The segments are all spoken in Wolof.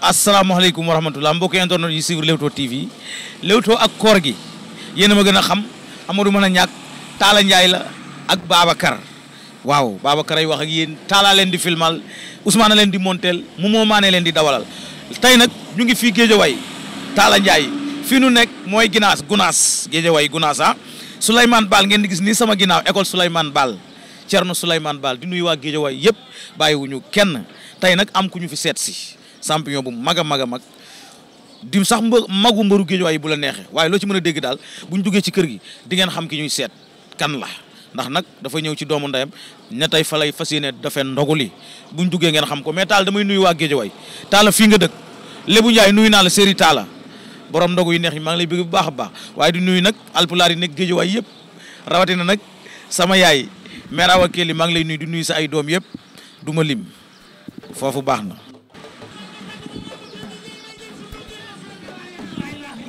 asalaamaaleykum wa rahmatulah mbokki internet yi suivre Leewtoo TV Leewtoo ak koor gi yéen a ma gën a xam Amadou mën a ñàkk taala Ndiaye la ak Babacar waaw Babacar ay wax ak yéen Talla leen di filmal Ousmane leen di monteel mu moo maane leen di dawalal tey nag ñu ngi fii Géejawaay Talla Ndiaye fii nu nekk mooy Gunaas Gunaas Géejawaay Gunaas ah Souleymane Baal ngeen di gis ni sama ginnaaw école Souleymane Baal Thierno Souleymane Baal di nuyu waa Géejawaay yëpp bàyyiwuñu kenn tey nag am ku ñu fi seet champion bu mag a mag a mag di sax mba magu mbaru géejuwaay yi bu la neexee waaye loo ci mën a dégg daal bu ñu duggee ci kër gi di ngeen xam ki ñuy seet kan la ndax nag dafa ñëw ci doomu ndeyam ne tey fa fas yéene dafa ndoguli bu ñu duggee ngeen xam ko mais taal damay nuyu waa géejuwaay taala fii nga dëkk lébu njaay nuyu naa la séri taala borom ndogu yu neex yi maa lay bëgg bu baax a baax waaye di nuyu nag alpulaar yi nekk géejuwaay yëpp rawatina nag sama yaay mère Awa Kelly maa mag lay nuyu di nuyu sa ay doom yëpp duma ma lim foofu baax na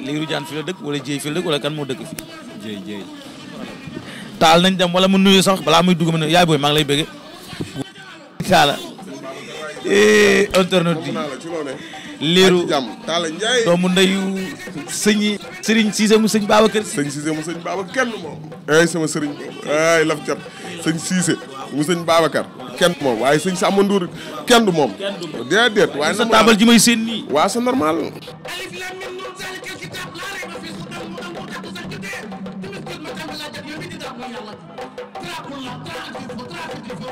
Lirou Diane fi la dëkk wala Dieye fi la dëkk wala kan moo dëkk fi taal nañ dem wala mu nuyu sax balaa muy dugg mu ne yaay booy maa ngi lay bëgge taala eh, internet di Lirou doomu ndeyu sëñi sëriñ Cissé mu sëñ Babacar sëñ Cissé mu sëñ Babacar kenn moom ay eh, sama sëriñ ay laf sëñ Cissé mu sëñ Babacar kenn moom waaye sëñ Samba Ndour sa taabal ji may seen nii waa c'est normal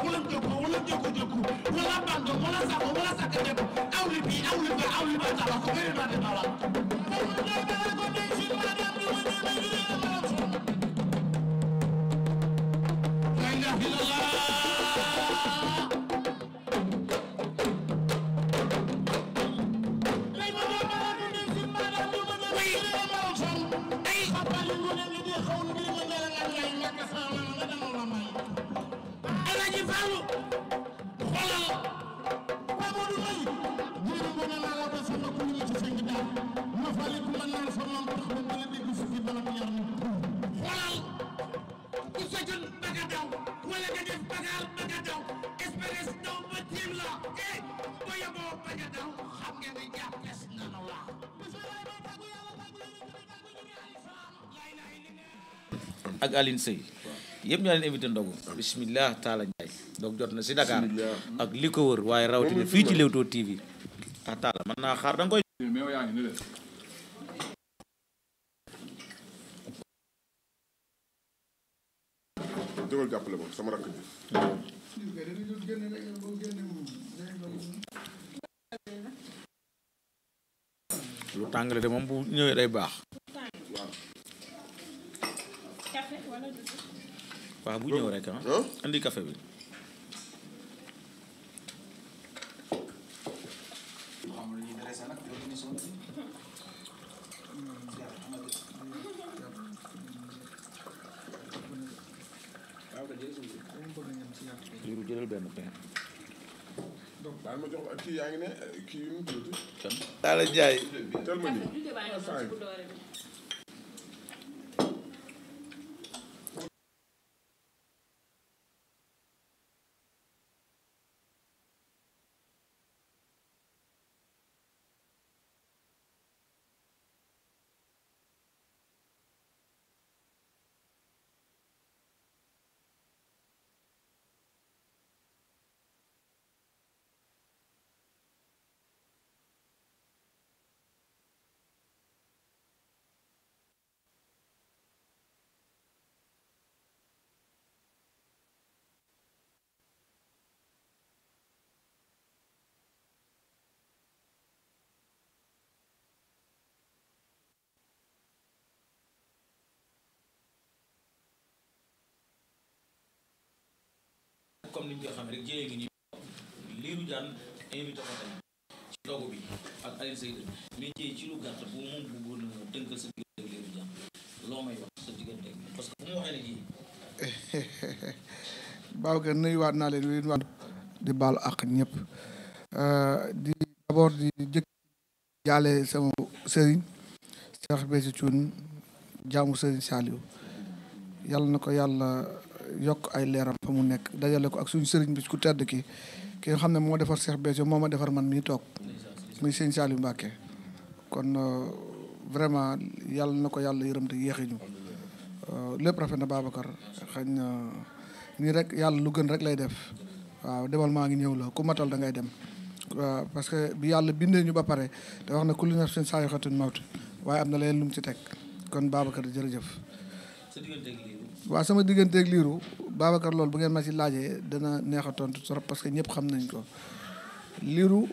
wala joku wala joko joku wala bando wala sako wala saka debo awli bi awli ba ba tawa ko bere na de tawa La ilaha ak Aline Seye yëpp ñoo leen invité ndogu bismillah taala Ndiaye donc jot na si Dakar ak li ko wër waaye rawatina fii ci Leewtoo TV ah taala mën naa xaar da nga koy dugal jàppale moom sama rakk bi tàngale de moom bu ñëwee day baax. waaw bu ñëw rek ah. andi café bi. daal ma jox teel ma nii comme liiru jaan invité ko tey ci dogu bi ak Alioune Seye mais jéye ci lu gàtt bu mu waxee ne ji naa leen wéen waat di baalu àq ñëpp euh, di d'abord di jëkk jaale sama sëriñ Cheikh Béthio Thioune jaamu sëriñ Saliou yàlla na ko yàlla yokk ay leeram fa mu nekk dajale ko ak suñu sëriñ bi ku tedd ki ki nga xam ne moo defar Cheikh Béthio moo ma defar man mii toog muy sëñ Saliou Mbacké kon euh, vraiment yàlla na ko yàlla yërëm te yéexi ñu euh, lépp rafet na Babacar xañ na nii rek yàlla lu gën rek lay def waaw demal maa ngi ñëw la ku matal da ngay dem parce que bi yàlla bindee ñu ba pare te wax na kullu nafsin saa yu xatun mawt am na leen lu mu ci teg kon Babacar jërëjëf waa sama digganteeg liiru Babacar loolu bu ngeen ma ci laajee dana neex a tontu trop parce que ñëpp xam nañ ko liiru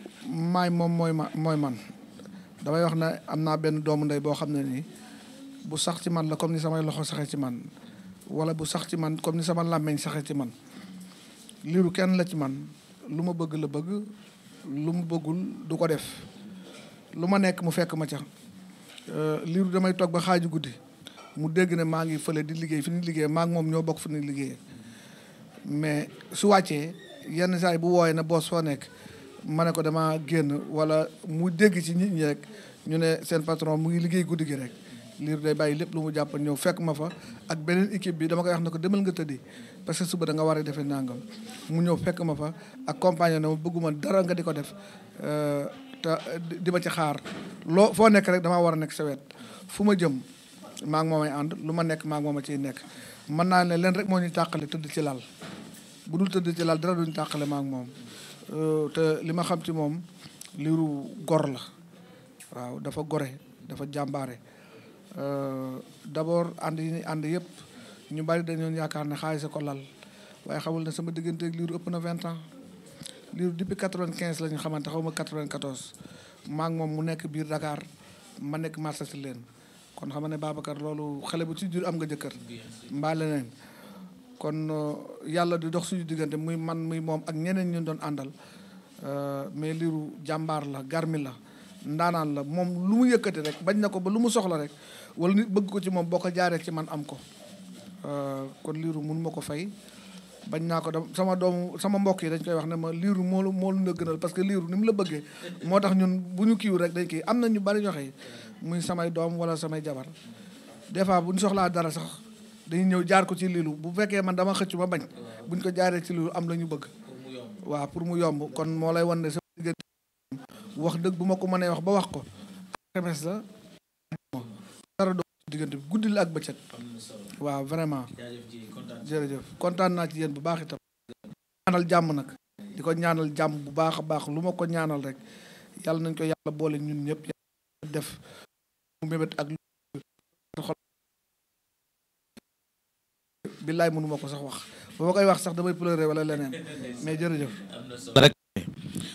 maay moom mooy ma mooy man damay wax na am naa benn doomu ndey boo xam ne nii bu sax ci man la comme ni samay loxo saxee ci man wala bu sax ci man comme ni sama làmmeñ saxee ci man liiru kenn la ci man lu ma bëgg la bëgg lu mu bëggul du ko def lu ma nekk mu fekk ma ca euh, liiru damay toog ba xaaju guddi mu dégg ne maa ngi fële di liggéey fi ñuy liggéey maa ngi moom ñoo bokk fi ñuy liggéey mais su wàccee yenn saa yi bu wooyee na boos foo nekk ma ne ko dama génn wala mu dégg ci nit ñi rek ñu ne seen patron mu ngi liggéey guddi gi rek liir day bàyyi lépp lu mu jàpp ñëw fekk ma fa ak beneen équipe bi dama koy wax ne ko demal nga tëddi parce que suba da nga war a defee nangam mu ñëw fekk ma fa ak compagnie na ma bëgguma dara nga di ko def euh, te di ma ci xaar loo foo nekk rek damaa war a nekk sa fu ma jëm maa ngi moom ay ànd lu ma nekk maa ngi moom a ciy nekk mën naa ne leen rek moo ñu tàqale tëdd ci laal bu dul tëdd ci lal dara duñ tàqale maak ngi moom euh, te li ma xam ci moom liiru gor la waaw dafa gore dafa jàmbaare euh, d'abord ànd yi ànd yëpp ñu bari dañoon yaakaar ne xaalis ko lal waaye xamul ne sama digganteeg liiru ëpp na vingt ans liiru depuis quatre la ñu xamante xaw ma quatre-vingt-quatorze mu nekk biir Dakar ma nekk marché si leen kon xam ne Babacar loolu xale bu ci jur am nga jëkkër mbaa leneen kon euh, yàlla di dox suñu diggante muy man muy moom ak ñeneen ñu doon àndal euh, mais liiru jàmbaar la garmi la ndaanaan la moom lu mu yëkkati rek bañ na ko ba lu mu soxla rek wala nit bëgg ko ci moom boo ko jaaree ci man am ko euh, kon liiru munuma ko fay bañ naa ko dam sama doomu sama mbokk yi dañ koy wax ne ma liiru moolu moolu la gënal parce que liiru ni mu la bëggee moo tax ñun bu ñu kiiw rek dañ kii am na ñu bari ñoo muy samay doom wala samay jabar des fois bu ñu soxlaa dara sax dañuy ñëw jaar ko ci liilu bu fekkee man dama xëcc ma bañ buñ ko jaaree ci lilu am la ñu bëgg waaw pour mu yomb kon moo lay wan ne sama diggante wax dëgg bu ma ko mënee wax ba wax ko alxames la dara diggante bi guddi la ak bëccëg waaw vraiment jërëjëf kontaan naa ci yéen bu baax itam ñaanal jàmm nag di ko ñaanal jàmm bu baax a baax lu ma ko ñaanal rek yàlla nañ ko yàlla boole ñun ñëpp yàlla def mu mébét ak xol billaay mënuma ko sax wax ba ma koy wax sax damay pleurer wala leneen mais jërëjëf rek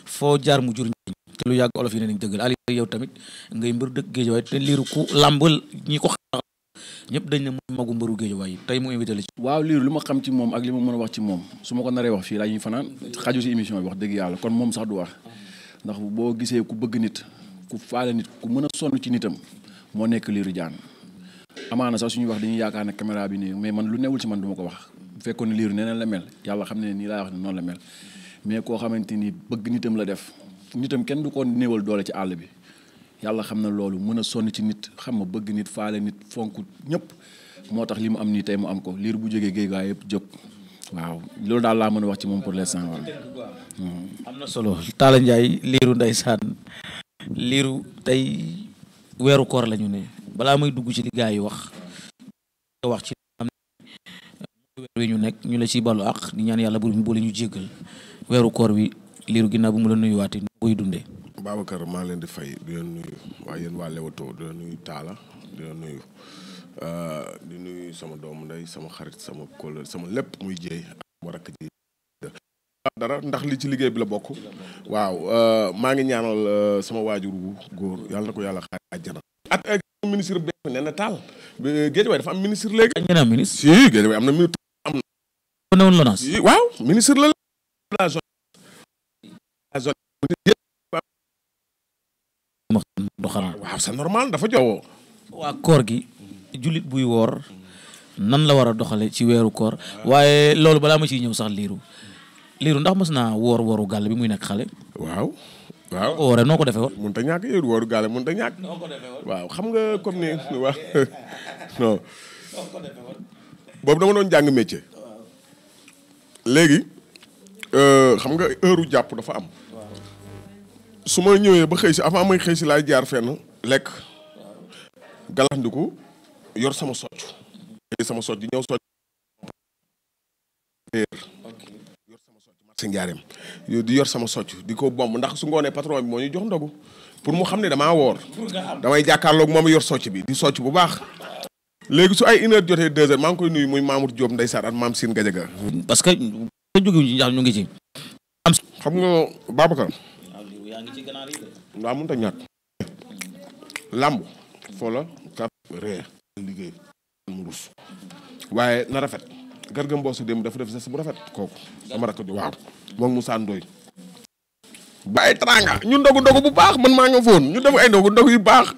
foo jaar mu jur njëriñ te lu yàgg olof yi ne nañ dëggal ali yow tamit ngay mbëru dëkk géejawaay te liiru ku làmbal ñi ko xam ñëpp dañ ne mooy magu tey mu ci waaw liiru ma xam ci moom ak li ma mën a wax ci moom su ma ko naree wax fii laa ñuy fanaan xaju si émission bi wax dëgg yàlla kon moom sax du wax ndax boo gisee ku bëgg nit ku faale nit ku mën a sonn ci nitam moo nekk Lirou Diane amaana sax suñuy wax dañuy yaakaar ne caméra bi nii mais man lu newul ci man du ma ko wax bu fekkoon ne Lirou neneen la mel yàlla xam ne nii laa wax ne noonu la mel mais koo xamante ni bëgg nitam la def nitam kenn du ko néewal doole ci àll bi yàlla xam na loolu mën a sonn ci nit xam nga bëgg nit faale nit fonk ñëpp moo tax li mu am nii tey mu am ko Lirou bu jógee géej Guédiawaye yëpp jóg waaw loolu daal laa mën a wax ci moom pour l'instant waaw. am na solo Talla Ndiaye Lirou ndeysaan Lirou tey. weeru koor lañu ne balaa may dugg ci li gaa yi wax wax ci am weer wi ñu nekk ñu la ciy balu ak di ñaan yàlla bu mu boole ñu jéggal weeru koor wi liiru ginnaaw bu mu la nuyuwaatee nu koy dundee kër maa leen di fay di yoon nuyu waaye yéen waa Leewtoo di leen nuyu Talla di nuyu euh, di nuyu sama doomu ndey sama xarit sama kóllëre sama lépp muy jéey ak ma rakk ji dara ndax li ci liggéey bi la bokk waaw euh, maa ngi ñaanal euh, sama waajur wu góor yàlla ko yàlla xaar àjjana ak ministre bi nee na taal euh, Guédiawaye dafa am ministre léegi ñeneen ministre si Guédiawaye am na am na woon waaw ministre la la zone la zone normal dafa jowoo waa koor gi jullit buy woor nan la war a doxale ci weeru koor waaye loolu balaa ma ciy ñëw sax liiru liiru ndax mos naa woor wooru gàll bi muy nekk xale. waaw. waaw wooree oh, noo ko defee woon. mënut a ñàkk yéen eh, wooru gàll mënut a ñàkk. noo ko waaw xam nga comme ni waaw non. noo dama doon jàng métier. léegi euh, xam nga heure jàpp dafa am. su ma ñëwee ba xëy si avant may xëy si laay jaar fenn lekk. galaxndiku yor sama socc. Mm-hmm. sama socc ñëw socc. si njaareem di yor sama socc di ko bomb ndax su ngoonee patron bi moo ñu jox ndogu pour mu xam ne damaa woor damay jàkkaarloog moom yor socc bi di socc bu baax léegi su ay une heure jotee deux heures maa ngi koy nuyu muy Mamour Diop ndeysaan ak maam Sine Gadiaga parce que ka jóge ndax ngi ci xam nga Babacar waaw mënut a ñàkk làmb foo la ka ree liggéey mu waaye na rafet Garga Mbossé démb dafa def geste bu rafet kooku sama rakk ji waaw moom Moussa Ndoye bàyyi teraanga ñu ndogu ndogu bu baax man maa nga foon ñu def ay ndogu ndogu yu baax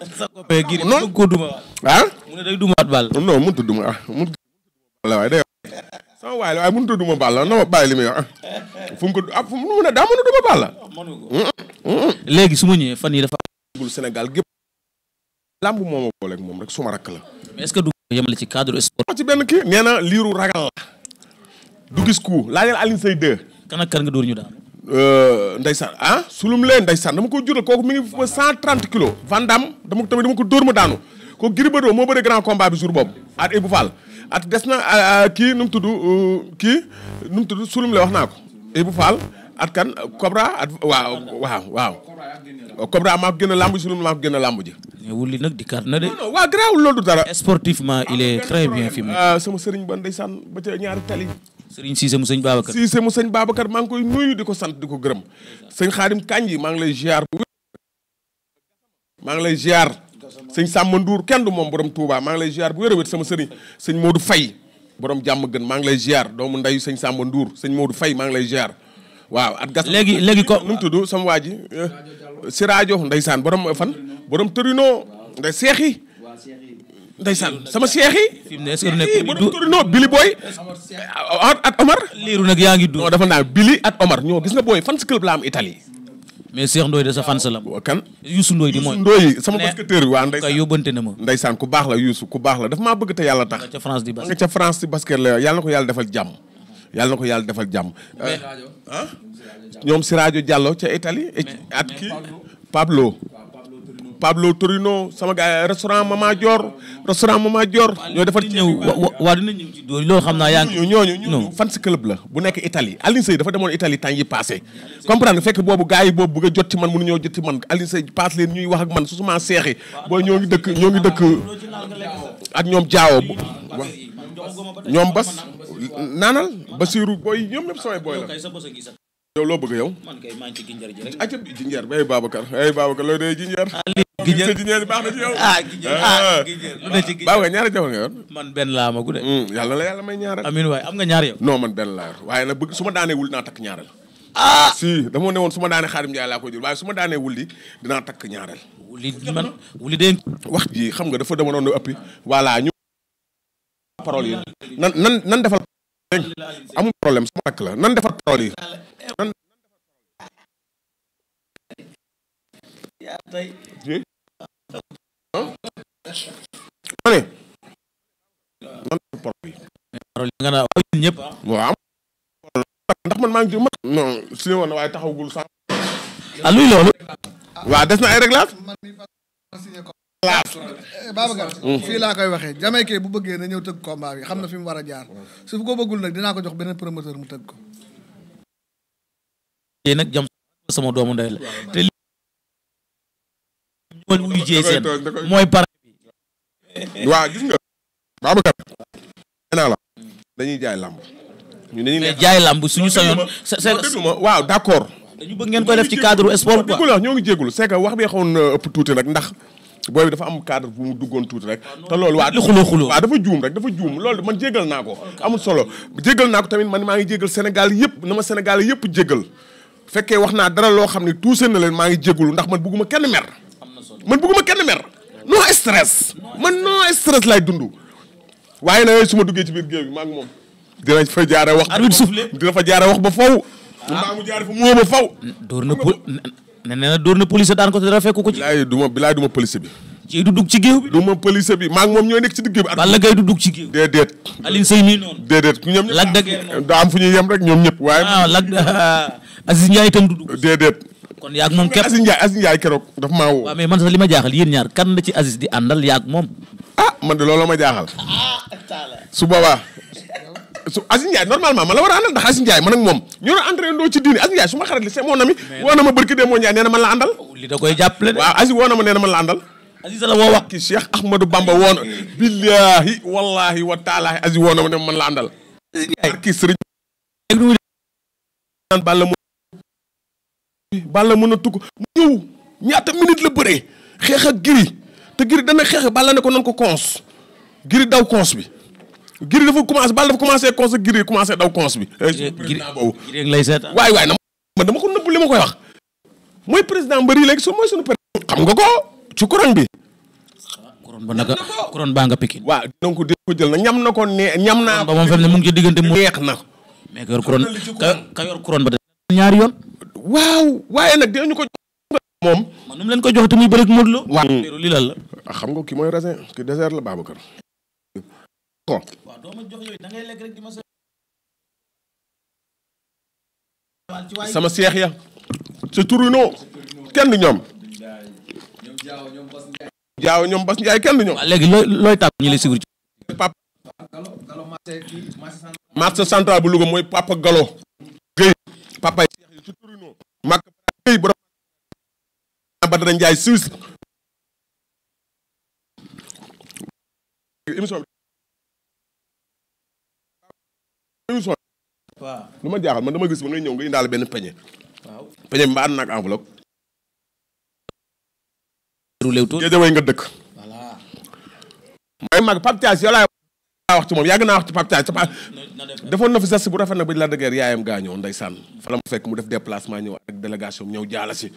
noonu ko duma ah mu ne day dumaat bàll non mënut duma ah, mënut la waaye day sama waay la waaye na ma bàyyi li muy wax ah. fu mu ko ah a daa mën a duma bàll ah, léegi su ma ñëwee fan yi dafa bul Sénégal gépp làmb moo ma moom rek suma rakk la est-ce que du yemale ci cadre sport. ci benn kii nee na liiru ragal la. du gis ku laajal Alioune Seye kana kan ga door nga dóor ñu daal. Euh, ndeysaan ah sulum lee ndeysaan dama ko jural kooku mi ngi fa 130 kilos. Vandam dama ko tamit dama ko dóor ma daanu ko Gris Bordeaux moo bëri grand combat bi jour boobu at Ibou Fall at des na euh, kii nu mu tudd euh, kii nu tudd sulum lee wax naa ko Ibou at kan Cobra at waaw waaw waaw. Cobra maa gën a lamb ji maa gën a lamb ji. nag di kaat na de. non waaw garaawul loolu du dara. sportivement il est très bien fi mu. Ah, sama sëriñ ba ndeysaan ba ca ñaari tali. sëriñ mu sëñ Babacar. Cissé mu sëñ Babacar maa ngi koy nuyu di ko sant di ko gërëm. sëñ Xaadim Kañ yi maa ngi lay ziar. maa ngi lay ziar. sëñ Samba Ndour kenn du moom borom Touba maa ngi lay ger bu wér a wér sama sëriñ sëñ Modou Faye borom jàmm gën maa ngi lay ziar doomu ndeyu sëñ Samba Ndour sëñ Modou fay maa ngi lay ziar waaw at gas léegi léegi ko nu mu tudd sama waa ji si rajo ndeysaan borom fan borom tërinoo nday seex yi ndeysaan sama seex yi borom torino bili booy at omar liiru nag yaa ngi du dafa naan bili at omar ñoo gis nga booy fan si club la am Italie mais Cheikh Ndoye de sa fan sa la kan Youssou Ndoye di mooy Ndoye sama basketteur bi waa ndeysaan na ma ndeysaan ku baax la Youssou ku baax la dafa maa bëgg te yàlla tax ca France di basket la yàlla ko yàlla defal jàmm yàlla na ko yàlla defal jàmm. ah si Sirajo jàlloo ca Italie. at kii Pablo. Pablo Torino sama gars restaurant Mama Dior restaurant Mama Dior. ñoo defar ci waa dina ñëw ci xam naa yaa ngi. ñooñu fan si club la bu nekk Italie Alioune Seye dafa demoon Italie temps yi passé comprendre fekk boobu gars yi boobu bëgg jot ci man mënu ñoo jot ci man Alioune Seye passe leen ñuy wax ak man su suma seexi boo ñoo ngi dëkk ñoo ngi ak ñoom jaawo ñoom bas naanal Basiru booy ñoom ñëpp samay booy la yow loo bëgg yow man kay maa ngi ci ginjar ji rek aca ginjar bi ay Babacar ay Babacar loolu day ginjar ginjar ah, ginjar baax na ci yow ah ginjar ah ginjar ah. Babacar ñaari jabar nga yor man benn laa ma gude hmm, yàlla la yàlla may ñaaral amiin waaye am nga ñaar yow non man benn laa yor waaye nag bëgg su ma daanee wul naa takk ñaareel ah si dama ne woon su ma daanee xaarim Njaay laa koy jël waaye su ma daanee wulli dinaa takk ñaareel wulli man wulli de wax ji xam nga dafa dama doon ëppi voilà parole yi nan nan nan defal amul problème sama rakk la nan defal parole yi nan ma ne nan defal parole yi parole yi nga naa waaw ñun man maa ngi jur ma non si ne na waaye taxawgul sax ah luy loolu des na ay réglage laas Babacar fii laa koy waxee Jamaïcain bu bëggee na ñëw tëgg combat bi xam na fi mu war a jaar su ko bëggul nag dinaa ko jox beneen promoteur mu tëgg ko nag jam sama doomu ndey la te li ñëwal wuyu jee seen mooy pare bi waaw gis nga jaay làmb ñu dañuy ne jaay làmb suñu sañoon waaw d'accord dañu bëgg ngeen koy def ci cadre sport quoi ñoo ngi jéggul c'est wax bi xawoon ëpp tuuti nag ndax booy bi dafa am cadre bu mu duggoon tuuti rek ah, te loolu waa xuloo xuloo waaw dafa juum rek dafa juum loolu man jégal naa ko ah, amul solo jégal naa ko tamit man maa ngi jégal Sénégal yëpp na ma Sénégal yëpp jégal fekkee wax naa dara loo xam ne tuuse na leen maa ngi jégalu ndax man bugguma kenn mer man bugguma kenn mer non stress man non stress laay dund waaye na su ma duggee ci biir géew bi maa ngi moom dinañ fa jaare wax dina fa jaare wax ba faw ah. maa mu jaare fa mu ba faw door na ne na dóor na police daan ko te dara fekku ko ci. bilaay du ma bilaay du bi. ci du dugg ci géew bi. du ma police bi maa moom ñooy nekk ci digg bi. Balla Gaye du dugg géew. déedéet. am fu ñuy yem rek ñoom ñëpp. waaye ah Lac Aziz Ndiaye itam du dugg. déedéet. kon yaag moom keroog Aziz Ndiaye Aziz Ndiaye keroog dafa maa woo. waaw man sax li ma jaaxal yéen ñaar kan la ci Aziz di àndal yaag moom. ah man de loolu ma jaaxal. Ah, su boobaa su Aziz normalement man la war a àndal ndax Aziz Ndiaye man ak moom ñoo doon entraîné ci diini Aziz Ndiaye su ma xarit li c'est mon ami ma barki dee moo Ndiaye nee man la àndal oh, koy jàppale de waaw Aziz ma nee na man la àndal Aziz la woo wax ki Cheikh Ahmadou Bamba woon billaahi wallaahi wa taalaahi Aziz woo man la àndal ki Balla mu Balla mën a tugg ñëw ñaata minute la bëree xeex ak giri te giri dana xeex Balla ne ko nan ko cons giri daw cons bi Gris dafa commencé Balla dafa commencé cons ak Gris commencé bi. Eh, président boobu Gris lay seet waay waay na ma dama ko nëbb li ma koy wax. mooy président mbëri léegi su mooy suñu président. xam nga ko ci couronne bi. Ah, couronne ba naka couronne baa nga Pikine. waaw donc dinañ jël na ñam na ko nee ñam naa. ba moom fam ne mu diggante mu neex na. mais ka yor couronne ka yor ba de. ñaari yoon. waaw waaye nag dinañu ko. moom man nu mu leen ko jox te muy bëri Modou Lo. waaw lii la. Ah, xam nga ki mooy raisin ki désert la Babacar. doo ma jox da ngay lekk rek di sama seex ya sa turino kenn du ñoom jaaw ñoom Bas Ndiaye kenn du ñoom. léegi looy looy tàpp ñu lay suivre ci. central bu Louga mooy Papa Gallo Guèye papa yi sa turino mag Guèye borom Badara Ndiaye Suisse waaw lu ma jaaxal man dama gis ma ngay ñëw nga daal benn peñe. waaw peñe bi ma ànd na ak enveloppe. Géejawaay nga dëkk. voilà. mooy mag Pape Thiass yow laay wax ci moom yàgg naa wax ci Pape Thiass ca defoon na fi bu rafet na ba la dëgër yaayam gaa ñëw ndeysaan saan la ma fekk mu def déplacement ñëw ak délégation ñëw jaala si.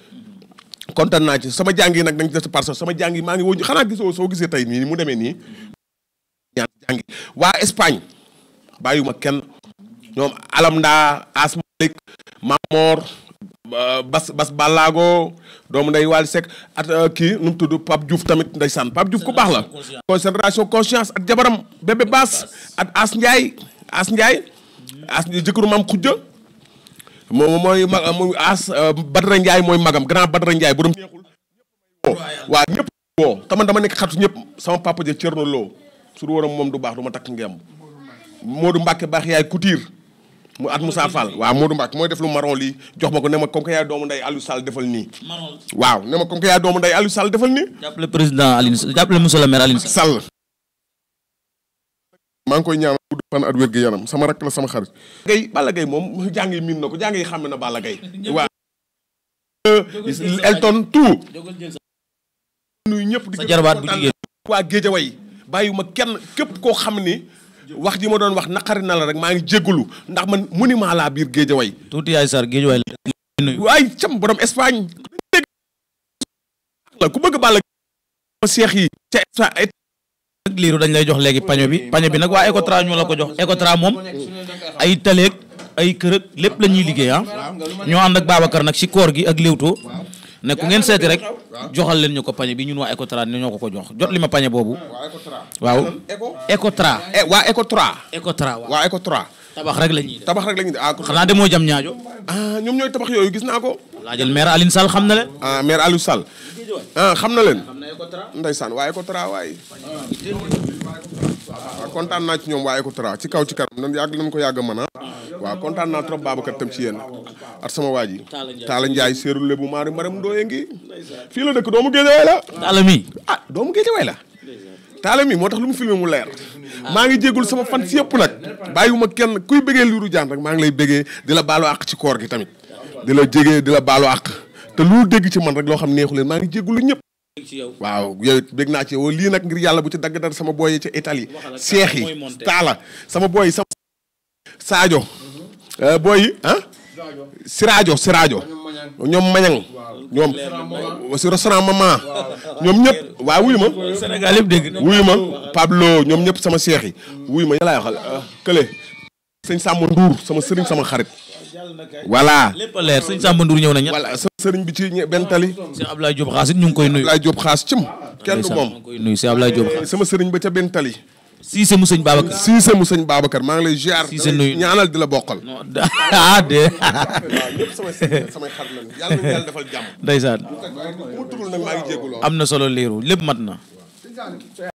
kontaan naa ci sama jàng nag dañ ci def parce que sama jàngi maa ngi woo xanaa gisoo soo gisee tey nii mu demee nii. ñaan jàng waa Espagne bàyyiwuma kenn. ñoom alam Alamda Asmalik Mamor Bas Bas Balago doomu nday waal Seck at euh, kii nu tudd Pape juuf tamit ndeysaan Pape Diouf ku baax la. concentration conscience ak jabaram bébé Baas ak As Ndiaye As Ndiaye. As jëkkëru maam Khoudia moom mooy ma muy As euh, Badara Ndiaye mooy magam grand Badara Ndiaye bu doon neexul. waaw ñëpp woo taman dama nekk xatu ñëpp sama papa ja Thierno Lo su waram moom du baax du ma takk ngemb Modou Mbacke baax yaay Couture mu at Moussa Fall waaw Modou Mbacke mooy def lu maron lii jox ma ko ne ma comme que yaay doomu nday Aliou Sall defal nii. waaw ne ma comme que yaay doomu nday Aliou Sall defal nii. jàppale président Aliou jàppale maire Aliou Sall. maa ngi koy ñaanal gudd fan at wér yaram sama rakk la sama xarit. gay Balla Gaye moom jàng yi miin na ko jàng yi xam na Balla Gaye. waaw. Euh, Elton tout. nuyu ñëpp di. sa jarbaat bu jigéen waa Géejawaay bàyyiwuma kenn képp koo xam ni. wax ji ma doon wax naqari na la rek maa ngi jégalu ndax man monument la biir Géejawaay. tuuti yaay Sarr Géejawaay la. waay cam borom Espagne. ku bëgg Balla seex yi ca Espagne. ak liiru dañ lay jox léegi paño bi paño bi nag waa Ecotra ñoo la ko jox Ecotra moom ay taleeg ay kërëg lépp lañuy ñuy liggéey am ah. ñoo ànd ak nag ci koor gi ak Leewtoo ne ku ngeen seeti rek joxal leen ñu ko pañe bi ñun wa Ecotra ñoo ko ko jox jot li ma pañe boobu. Ah, waaw Ecotra. Eh, waa Ecotra. Ecotra waaw waa tabax rek la tabax rek la ñuy def ah. xanaa demoo jam ñaajo. ah ñoom ñooy tabax yooyu gis naa ko. laajal maire Alioune Sall xam na leen. ah maire Alioune Sall. ah xam na leen. ndeysaan waa Ecotra waay. waaw ah, kontaan naa ci ñoom waa ci kaw ci kanam nan yàgg nañu ko yàgg mën a. Ah. waaw kontaan naa trop Babacar tam ci yéen at sama waa ji Taala Njaay séerul lebu maari maram ndooye ngi fii la dëkk doomu géejawaay la ah, la Taala mi moo tax lu mu filmé mu leer ah. maa ngi jéggul sama fan si yëpp nag bàyyiwuma kenn kuy bëggee Lirou Diane rek maa ngi lay bëggee di la baalu àq ci koor gi tamit di la jégee di la baalu àq te lu dégg ci man rek loo xam neexu leen maa ngi jéggul ñëpp waaw yow bég naa ci yow lii nag ngir yàlla bu ci dagg dara sama booy ci Italie seex yi Taala sama booy sama Sadio mhm. euh, booy ah? Siraajo Siraajo ñoom Mañang ñoom si restaurant maman ñoom ñëpp waaw wuyu ma Sénégal yëpp dégg wuyu ma Pablo ñoom ñëpp sama seex yi wuyu ma yàllaay waxal euh, kële sëñ Samba Ndour sama sëriñ sama xarit voilà lépp leer sëñ Samba Ndour ñëw na ñett voilà sama sëriñ bi ci benn tali sëñ Ablaye Diop xaas it ñu ngi koy nuyu Ablaye Diop xaas cim kenn du nuyu sëñ Ablaye Diop xaas sama sëriñ ba ca benn tali Cissé mu sëñ Babacar Cissé mu sëñ Babacar maa ngi lay ziar. Cissé nuyu ñaanal di la bokkal. ah de. ñëpp samay samay xar lañ yàlla na yàlla defal jàmm. ndeysaan. am na solo leeru lépp mat na.